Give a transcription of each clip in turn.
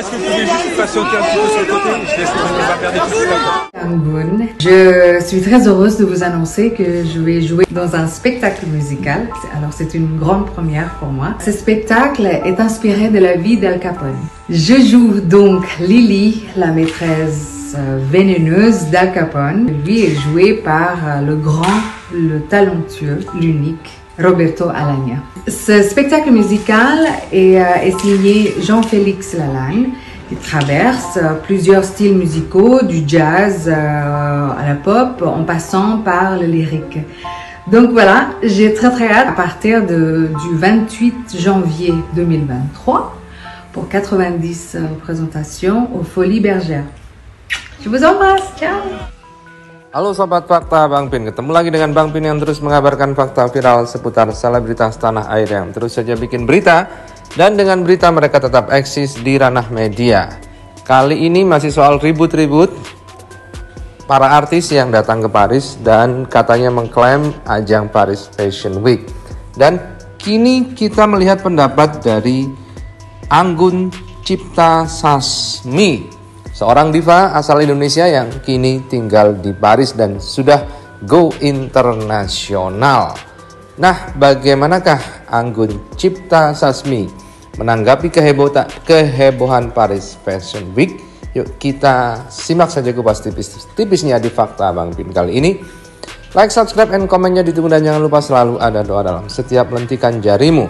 est-ce que vous juste un peu sur le côté Je perdre tout Je suis très heureuse de vous annoncer que je vais jouer dans un spectacle musical. Alors c'est une grande première pour moi. Ce spectacle est inspiré de la vie d'Al Capone. Je joue donc Lily, la maîtresse euh, vénéneuse d'Al Capone. Lui est joué par euh, le grand, le talentueux, l'unique Roberto Alagna. Ce spectacle musical est, euh, signé Jean-Félix Lalagne. Il traverse euh, plusieurs styles musicaux, du jazz euh, à la pop, en passant par le lyrique. Donc voilà, j'ai très très hâte à partir de, du 28 janvier 2023 pour 90 représentations aux Folies Bergère. Je vous embrasse, ciao Halo Sobat Fakta Bang Pin, ketemu lagi dengan Bang Pin yang terus mengabarkan fakta viral seputar selebritas tanah air yang terus saja bikin berita dan dengan berita mereka tetap eksis di ranah media. Kali ini masih soal ribut-ribut para artis yang datang ke Paris dan katanya mengklaim ajang Paris Fashion Week. Dan kini kita melihat pendapat dari Anggun Cipta Sasmi Seorang diva asal Indonesia yang kini tinggal di Paris dan sudah go internasional. Nah, bagaimanakah Anggun Cipta Sasmi menanggapi kehebohan, kehebohan Paris Fashion Week? Yuk kita simak saja kupas tipis-tipisnya di Fakta Bang Pin kali ini. Like, subscribe, and komennya ditunggu dan jangan lupa selalu ada doa dalam setiap lentikan jarimu.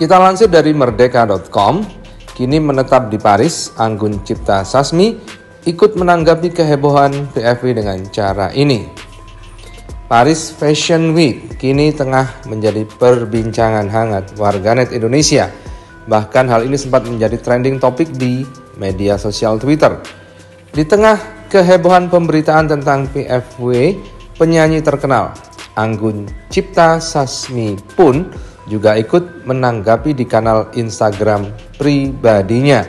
Kita lansir dari merdeka.com, kini menetap di Paris, Anggun Cipta Sasmi ikut menanggapi kehebohan PFW dengan cara ini. Paris Fashion Week kini tengah menjadi perbincangan hangat warganet Indonesia. Bahkan hal ini sempat menjadi trending topik di media sosial Twitter. Di tengah kehebohan pemberitaan tentang PFW, penyanyi terkenal Anggun Cipta Sasmi pun juga ikut menanggapi di kanal Instagram pribadinya.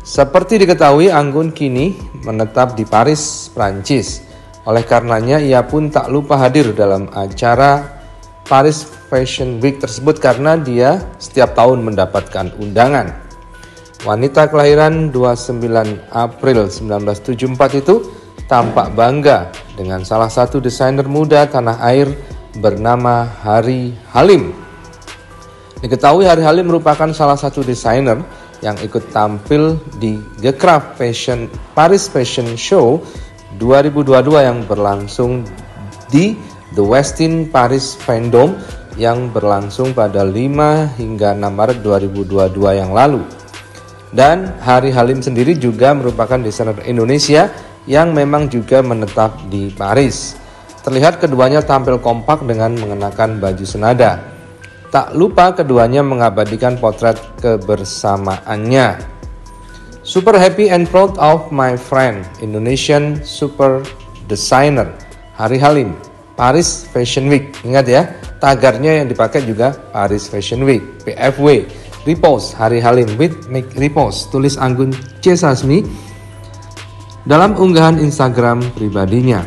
Seperti diketahui, Anggun kini menetap di Paris, Prancis. Oleh karenanya, ia pun tak lupa hadir dalam acara Paris Fashion Week tersebut karena dia setiap tahun mendapatkan undangan. Wanita kelahiran 29 April 1974 itu tampak bangga dengan salah satu desainer muda tanah air bernama Hari Halim. Diketahui Hari Halim merupakan salah satu desainer yang ikut tampil di Gekraf Fashion Paris Fashion Show 2022 yang berlangsung di The Westin Paris Vendome yang berlangsung pada 5 hingga 6 Maret 2022 yang lalu. Dan Hari Halim sendiri juga merupakan desainer Indonesia yang memang juga menetap di Paris. Terlihat keduanya tampil kompak dengan mengenakan baju senada. Tak lupa keduanya mengabadikan potret kebersamaannya. Super happy and proud of my friend, Indonesian super designer Hari Halim, Paris Fashion Week. Ingat ya, tagarnya yang dipakai juga Paris Fashion Week, PFW. Repost Hari Halim with Make Repost, tulis Anggun C. Sasmi dalam unggahan Instagram pribadinya.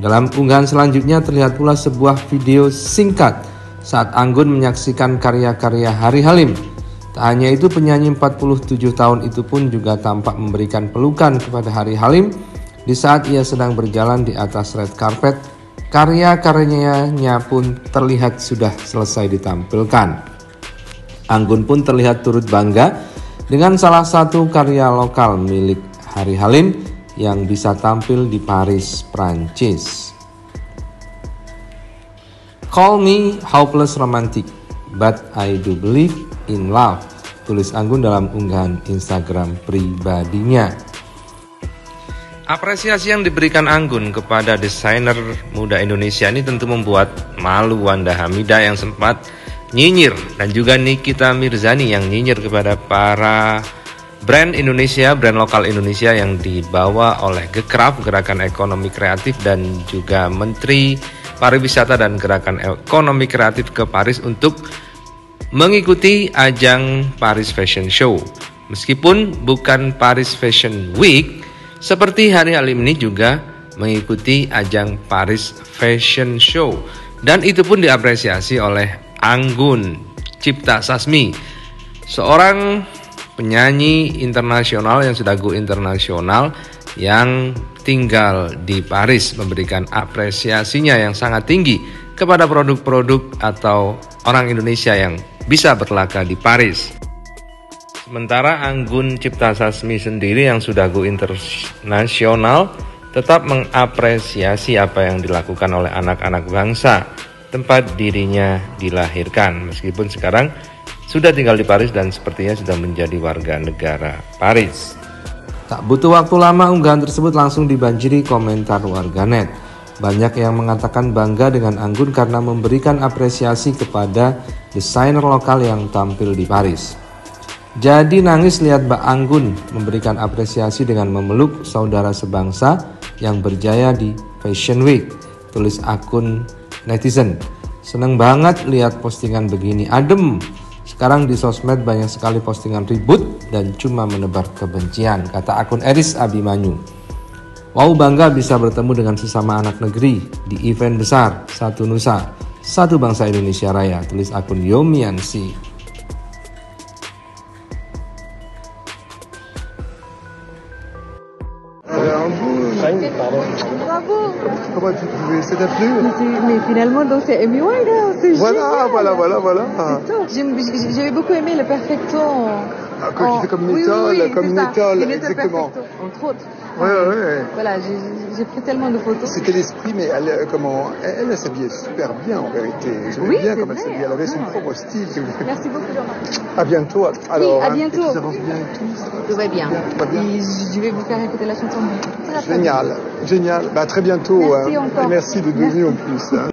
Dalam unggahan selanjutnya terlihat pula sebuah video singkat saat Anggun menyaksikan karya-karya Hari Halim. Tak hanya itu, penyanyi 47 tahun itu pun juga tampak memberikan pelukan kepada Hari Halim di saat ia sedang berjalan di atas red carpet. Karya-karyanya pun terlihat sudah selesai ditampilkan. Anggun pun terlihat turut bangga dengan salah satu karya lokal milik Hari Halim yang bisa tampil di Paris, Prancis. Call me hopeless romantic, but I do believe in love. Tulis Anggun dalam unggahan Instagram pribadinya. Apresiasi yang diberikan Anggun kepada desainer muda Indonesia ini tentu membuat malu Wanda Hamida yang sempat nyinyir dan juga Nikita Mirzani yang nyinyir kepada para brand Indonesia, brand lokal Indonesia yang dibawa oleh Gekraf, Gerakan Ekonomi Kreatif dan juga Menteri pariwisata dan gerakan ekonomi kreatif ke Paris untuk mengikuti ajang Paris Fashion Show. Meskipun bukan Paris Fashion Week, seperti hari-hari ini juga mengikuti ajang Paris Fashion Show dan itu pun diapresiasi oleh Anggun Cipta Sasmi, seorang penyanyi internasional yang sudah go internasional yang tinggal di Paris memberikan apresiasinya yang sangat tinggi kepada produk-produk atau orang Indonesia yang bisa berlaga di Paris. Sementara Anggun Cipta Sasmi sendiri yang sudah go internasional tetap mengapresiasi apa yang dilakukan oleh anak-anak bangsa tempat dirinya dilahirkan meskipun sekarang sudah tinggal di Paris dan sepertinya sudah menjadi warga negara Paris. Tak butuh waktu lama unggahan tersebut langsung dibanjiri komentar warganet. Banyak yang mengatakan bangga dengan Anggun karena memberikan apresiasi kepada desainer lokal yang tampil di Paris. Jadi nangis lihat Mbak Anggun memberikan apresiasi dengan memeluk saudara sebangsa yang berjaya di Fashion Week, tulis akun netizen. Seneng banget lihat postingan begini adem sekarang di sosmed banyak sekali postingan ribut dan cuma menebar kebencian, kata akun Eris Abimanyu. Wow bangga bisa bertemu dengan sesama anak negeri di event besar Satu Nusa, Satu Bangsa Indonesia Raya, tulis akun Yomiansi. c'est Amy Winehouse, c'est voilà, génial. Voilà, voilà, voilà, J'avais beaucoup aimé le perfecto. Ah, quand en... comme une étoile, étole, oui, oui, comme une étole, exactement. Perfecto, entre autres. Ouais, ouais, ouais. Voilà, j'ai pris tellement de photos. C'était l'esprit, mais elle, euh, comment, elle, s'habillait super bien en vérité. J'aimais oui, bien comme elle s'habillait. Elle avait son ah. propre style. Merci beaucoup, Jean-Marc. À bientôt. Alors, oui, à hein, bientôt. Hein, bien et tout. tout va bien. Tout va bien. Et je vais vous faire écouter la chanson. Génial, génial. Bah, très bientôt. Merci, hein. encore. merci de venir en plus. Hein.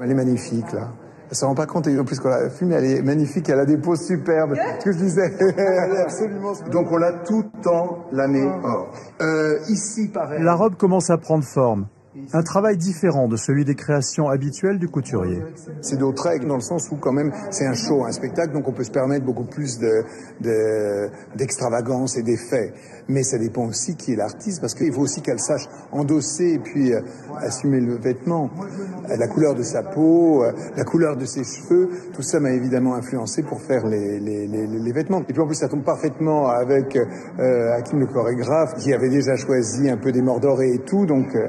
Elle est magnifique, là. Elle se rend pas compte, et en plus qu'on la fume, elle est magnifique, elle a des peaux superbes. Ce que je disais, elle ah absolument Donc on l'a tout le temps l'année Euh, ici, pareil. La robe commence à prendre forme. Un travail différent de celui des créations habituelles du couturier. C'est d'autres règles dans le sens où quand même c'est un show, un spectacle, donc on peut se permettre beaucoup plus d'extravagance de, d'extravagance et d'effet. Mais ça dépend aussi qui est l'artiste, parce qu'il faut aussi qu'elle sache endosser et puis euh, assumer le vêtement, la couleur de sa peau, euh, la couleur de ses cheveux. Tout ça m'a évidemment influencé pour faire les, les, les, les, vêtements. Et puis en plus ça tombe parfaitement avec euh, Hakim le chorégraphe, qui avait déjà choisi un peu des mordorés et tout, donc euh,